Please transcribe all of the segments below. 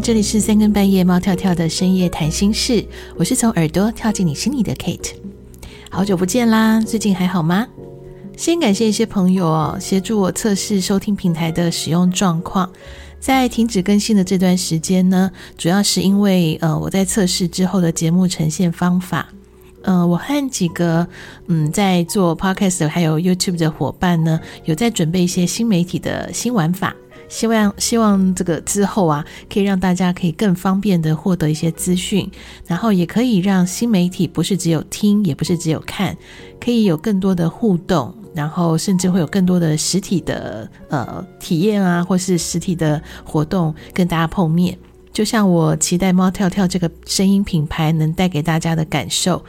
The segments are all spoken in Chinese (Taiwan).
這裡是三更半夜，貓跳跳的深夜談心室。我是從耳朵跳進你心裡的 Kate，好久不見啦！最近還好嗎？先感謝一些朋友哦，協助我測試收聽平台的使用狀況。在停止更新的這段時間呢，主要是因為呃，我在測試之後的節目呈現方法。嗯、呃，我和幾個嗯在做 podcast 還有 YouTube 的夥伴呢，有在準備一些新媒體的新玩法。希望，希望這個之後啊，可以讓大家可以更方便的獲得一些資訊，然後也可以讓新媒體不是只有聽，也不是只有看，可以有更多的互動，然後甚至會有更多的實體的，呃，體驗啊，或是實體的活動跟大家碰面。就像我期待貓跳跳這個聲音品牌能帶給大家的感受。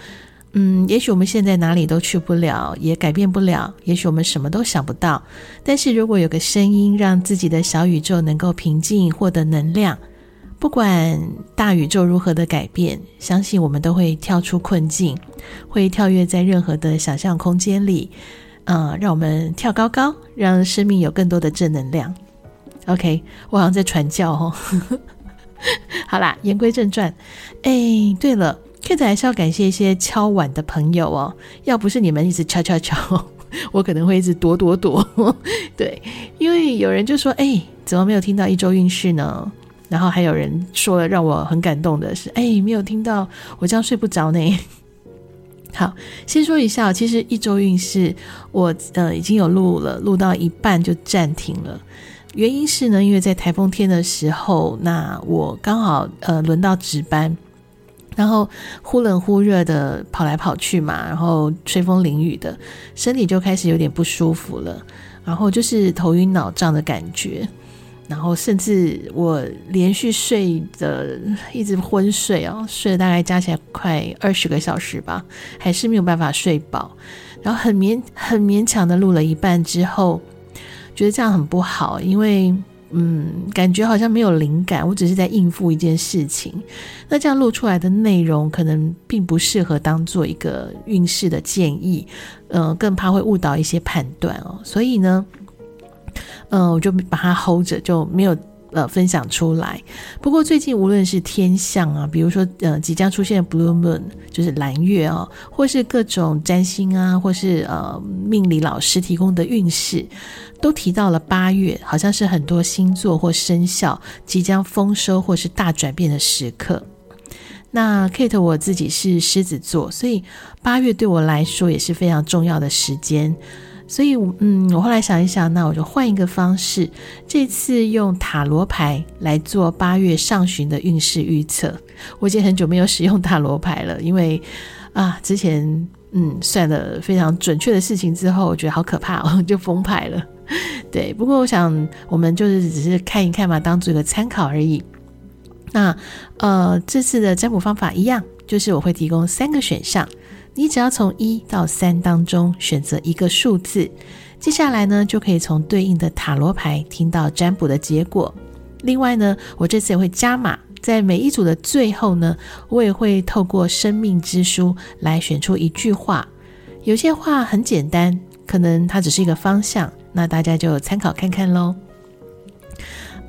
嗯，也許我們現在哪裡都去不了，也改變不了。也許我們什麼都想不到，但是如果有個聲音，讓自己的小宇宙能夠平靜，獲得能量，不管大宇宙如何的改變，相信我們都會跳出困境，會跳躍在任何的想象空間裡。嗯、呃，讓我們跳高高，讓生命有更多的正能量。OK，我好像在傳教哦。 好啦，言歸正傳。哎、欸，對了。看起來還是要感謝一些敲碗的朋友哦，要不是你們一直敲敲敲，我可能會一直躲躲躲。對，因為有人就說：“欸，怎麼沒有聽到一周運勢呢？”然後還有人說了讓我很感動的是：“欸，沒有聽到，我這樣睡不着呢。”好，先說一下，其實一周運勢我呃已經有錄了，錄到一半就暫停了。原因是呢，因為在台風天的時候，那我剛好呃輪到值班。然後忽冷忽熱的跑來跑去嘛，然後吹風淋雨的，身體就開始有點不舒服了。然後就是頭暈腦脹的感覺，然後甚至我連續睡的一直昏睡哦，睡了大概加起來快二十個小時吧，還是沒有辦法睡飽。然後很勉、很勉強的錄了一半之後，覺得這樣很不好，因為……嗯，感覺好像沒有靈感，我只是在應付一件事情。那這樣錄出來的內容可能並不適合當做一個運勢的建議，嗯、呃，更怕會誤導一些判斷哦。所以呢，嗯、呃，我就把它 hold 着，就沒有。呃，分享出來。不過最近無論是天象啊，比如說呃即將出現的 Blue Moon，就是藍月哦，或是各種占星啊，或是呃命理老師提供的運勢，都提到了八月，好像是很多星座或生肖即將豐收或是大轉變的時刻。那 Kate 我自己是獅子座，所以八月對我來說也是非常重要的時間。所以，嗯，我後來想一想，那我就換一個方式，這次用塔羅牌來做八月上旬的運勢預測。我已經很久沒有使用塔羅牌了，因為啊，之前嗯算的非常準確的事情之後，我覺得好可怕哦，就封牌了。對，不過我想我們就是只是看一看嘛，當做一個參考而已。那呃，這次的占卜方法一樣，就是我會提供三個選項。你只要從一到三當中選擇一個數字，接下來呢，就可以從對應的塔羅牌聽到占卜的結果。另外呢，我這次也會加碼，在每一組的最後呢，我也會透過生命之書來選出一句話。有些話很簡單，可能它只是一個方向，那大家就參考看看嘍。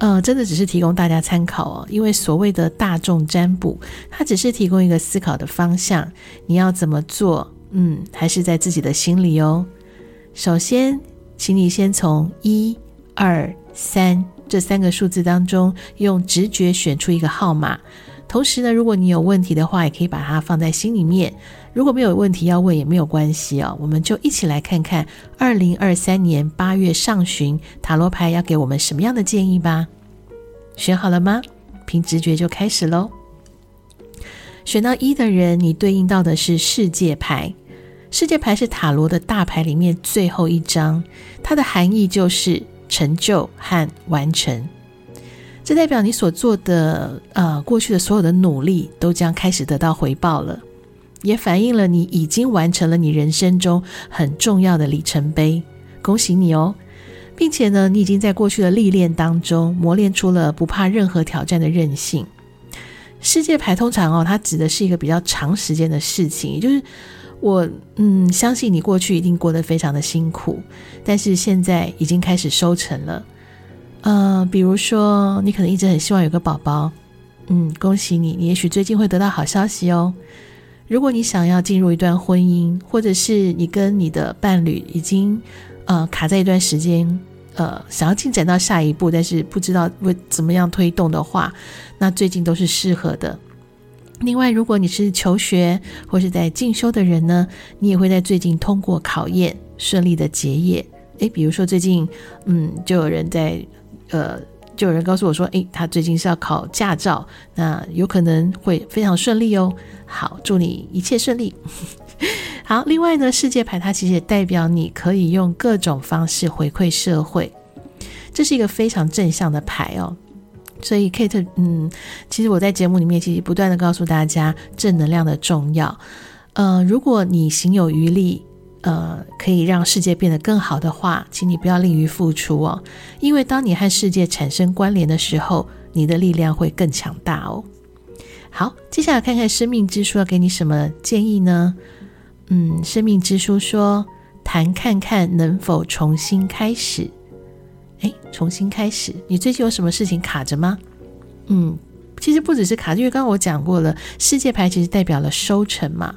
嗯，真的只是提供大家參考哦，因為所謂的大眾占卜，它只是提供一個思考的方向，你要怎麼做？嗯，還是在自己的心裡哦。首先，請你先從一、二、三這三個數字當中，用直覺選出一個號碼。同時呢，如果你有問題的話，也可以把它放在心裡面。如果沒有問題要問，也沒有關係哦。我們就一起來看看二零二三年八月上旬，塔羅牌要給我們什麼樣的建議吧。選好了嗎？憑直覺就開始嘍。選到一的人，你對應到的是世界牌。世界牌是塔羅的大牌裡面最後一張，它的含義就是成就和完成。這代表你所做的，呃，過去的所有的努力都將開始得到回報了，也反映了你已經完成了你人生中很重要的里程碑，恭喜你哦！並且呢，你已經在過去的歷練當中磨練出了不怕任何挑戰的韌性。世界牌通常哦，它指的是一個比較長時間的事情，也就是我，嗯，相信你過去一定過得非常的辛苦，但是現在已經開始收成了。嗯、呃，比如說，你可能一直很希望有個寶寶，嗯，恭喜你，你也許最近會得到好消息哦。如果你想要進入一段婚姻，或者是你跟你的伴侶已經呃卡在一段時間，呃，想要進展到下一步，但是不知道為怎麼樣推動的話，那最近都是適合的。另外，如果你是求學或是在進修的人呢，你也會在最近通過考驗，順利的結業。誒，比如說最近，嗯，就有人在。呃，就有人告訴我說，誒，欸，他最近是要考駕照，那有可能會非常順利哦。好，祝你一切順利。 好，另外呢，世界牌它其實也代表你可以用各種方式回饋社會，這是一個非常正向的牌哦。所以，Kate，嗯，其實我在節目裡面其實不斷地告訴大家正能量的重要。呃，如果你行有餘力。呃，可以讓世界變得更好的話，請你不要吝於付出哦，因為當你和世界產生關聯的時候，你的力量會更強大哦。好，接下來看看生命之書要給你什麼建議呢？嗯，生命之書說，談看看能否重新開始。誒，重新開始，你最近有什麼事情卡着嗎？嗯，其實不只是卡，因為剛剛我講過了，世界牌其實代表了收成嘛。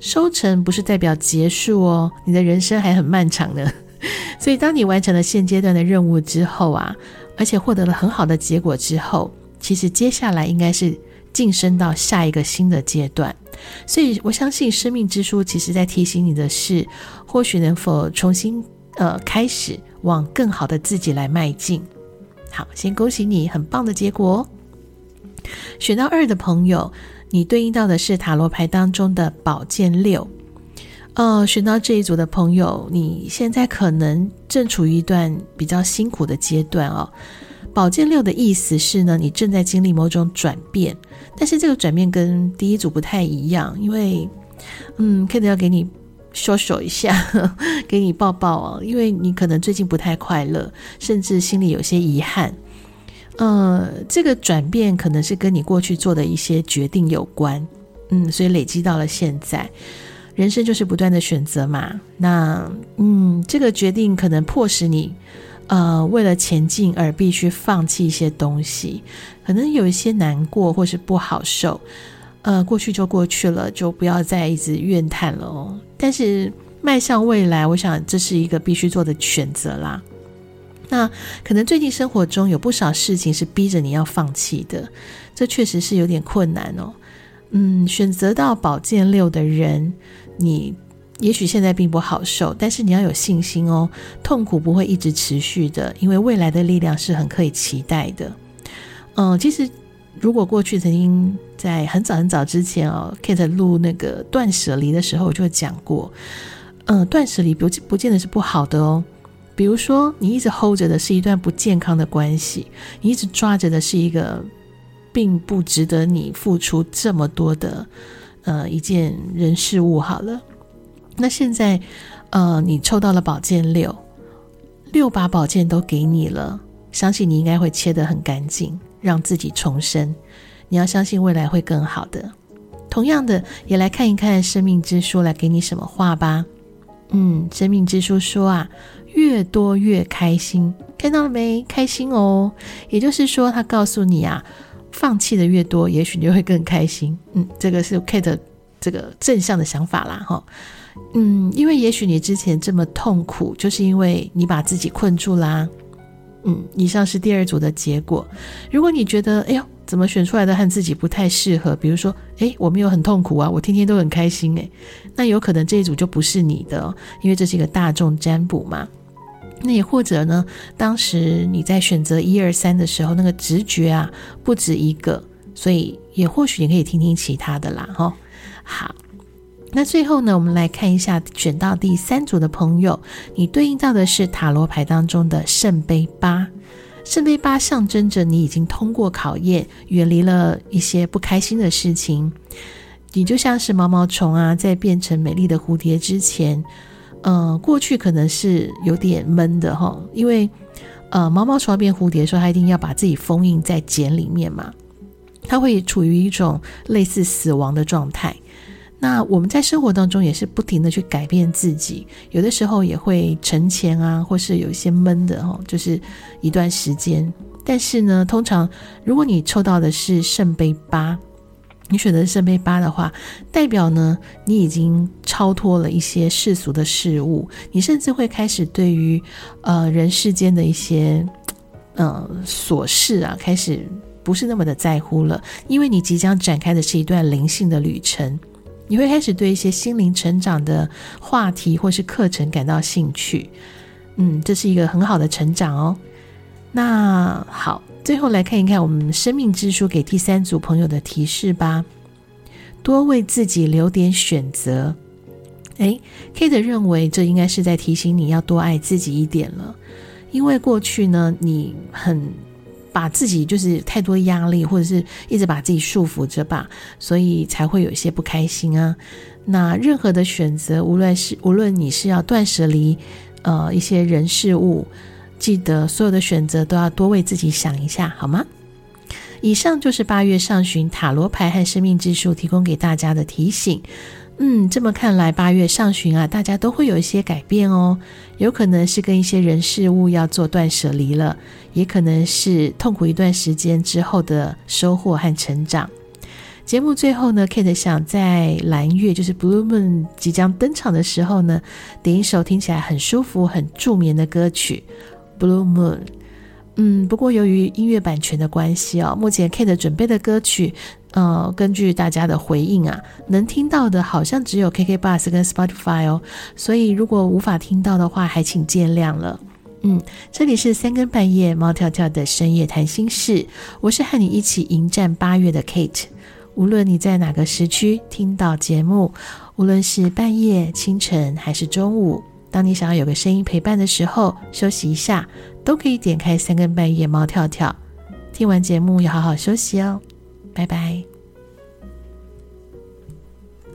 收成不是代表結束哦，你的人生還很漫長呢。 所以，當你完成了現階段的任務之後啊，而且獲得了很好的結果之後，其實接下來應該是晉升到下一個新的階段。所以我相信生命之書其實在提醒你的是，或許能否重新呃開始往更好的自己來邁進。好，先恭喜你，很棒的結果哦。選到二的朋友，你對應到的是塔羅牌當中的寶劍六。呃，選到這一組的朋友，你現在可能正處於一段比較辛苦的階段哦。寶劍六的意思是呢，你正在經歷某種轉變，但是這個轉變跟第一組不太一樣，因為，嗯，Kate 要給你說說一下呵，給你抱抱哦，因為你可能最近不太快樂，甚至心裡有些遺憾。呃，這個轉變可能是跟你過去做的一些決定有關，嗯，所以累積到了現在。人生就是不斷的選擇嘛，那嗯，這個決定可能迫使你，呃，為了前進而必須放棄一些東西，可能有一些難過或是不好受，呃，過去就過去了，就不要再一直怨嘆了哦。但是邁向未來，我想這是一個必須做的選擇啦。那可能最近生活中有不少事情是逼着你要放棄的，這確實是有點困難哦。嗯，選擇到寶劍六的人，你也許現在並不好受，但是你要有信心哦，痛苦不會一直持續的，因為未來的力量是很可以期待的。嗯、呃，其實如果過去曾經在很早很早之前哦，Kate 錄那個斷捨離的時候，我就講過，嗯、呃，斷捨離不不見得是不好的哦。比如說，你一直 hold 着的是一段不健康的關係，你一直抓着的是一個並不值得你付出這麼多的，呃，一件人事物。好了，那現在，呃，你抽到了寶劍六，六把寶劍都給你了，相信你應該會切得很乾淨，讓自己重生。你要相信未來會更好的。同樣的，也來看一看生命之書來給你什麼話吧。嗯，生命之書說啊。越多越開心，看到了沒？開心哦。也就是說，他告訴你啊，放棄的越多，也許你就會更開心。嗯，這個是 Kate 的這個正向的想法啦，哈。嗯，因為也許你之前這麼痛苦，就是因為你把自己困住啦啊。嗯，以上是第二組的結果。如果你覺得，哎呦，怎麼選出來的和自己不太適合？比如說，哎，我沒有很痛苦啊，我天天都很開心欸。哎，那有可能這一組就不是你的哦，因為這是一個大眾佔卜嘛。那也或者呢，當時你在選擇一二三的時候，那個直覺啊，不止一個，所以也或許你可以聽聽其他的啦，哈，好，那最後呢，我們來看一下選到第三組的朋友，你對應到的是塔羅牌當中的聖杯八。聖杯八象徵着你已經通過考驗，遠離了一些不開心的事情。你就像是毛毛蟲啊，在變成美麗的蝴蝶之前。呃，過去可能是有點悶的哈，因為，呃，毛毛蟲變蝴蝶說他一定要把自己封印在繭裡面嘛，他會處於一種類似死亡的狀態。那我們在生活當中也是不停的去改變自己，有的時候也會沉潛啊，或是有一些悶的哈，就是一段時間。但是呢，通常如果你抽到的是聖杯八。你選擇聖杯八的話，代表呢，你已經超脫了一些世俗的事物，你甚至會開始對於，呃，人世間的一些，呃，瑣事啊，開始不是那麼的在乎了，因為你即將展開的是一段靈性的旅程，你會開始對一些心靈成長的話題或是課程感到興趣，嗯，這是一個很好的成長哦。那好。最後來看一看我們生命之書給第三組朋友的提示吧。多為自己留點選擇。誒，Kate 認為這應該是在提醒你要多愛自己一點了，因為過去呢，你很把自己就是太多壓力，或者是一直把自己束縛着吧，所以才會有一些不開心啊。那任何的選擇，無論是無論你是要斷捨離，呃，一些人事物。記得所有的選擇都要多為自己想一下，好嗎？以上就是八月上旬塔羅牌和生命之樹提供給大家的提醒。嗯，這麼看來，八月上旬啊，大家都會有一些改變哦。有可能是跟一些人事物要做斷捨離了，也可能是痛苦一段時間之後的收穫和成長。節目最後呢，Kate 想在藍月就是 Blue Moon 即將登場的時候呢，點一首聽起來很舒服、很助眠的歌曲。Blue Moon，嗯，不過由於音樂版權的關係哦，目前 Kate 準備的歌曲，呃，根據大家的回應啊，能聽到的好像只有 KKBOX 跟 Spotify 哦，所以如果無法聽到的話，還請見諒了。嗯，這裡是三更半夜，貓跳跳的深夜談心室，我是和你一起迎戰八月的 Kate，無論你在哪個時區聽到節目，無論是半夜、清晨還是中午。當你想要有個聲音陪伴的時候，休息一下，都可以點開三更半夜貓跳跳。聽完節目要好好休息哦，拜拜。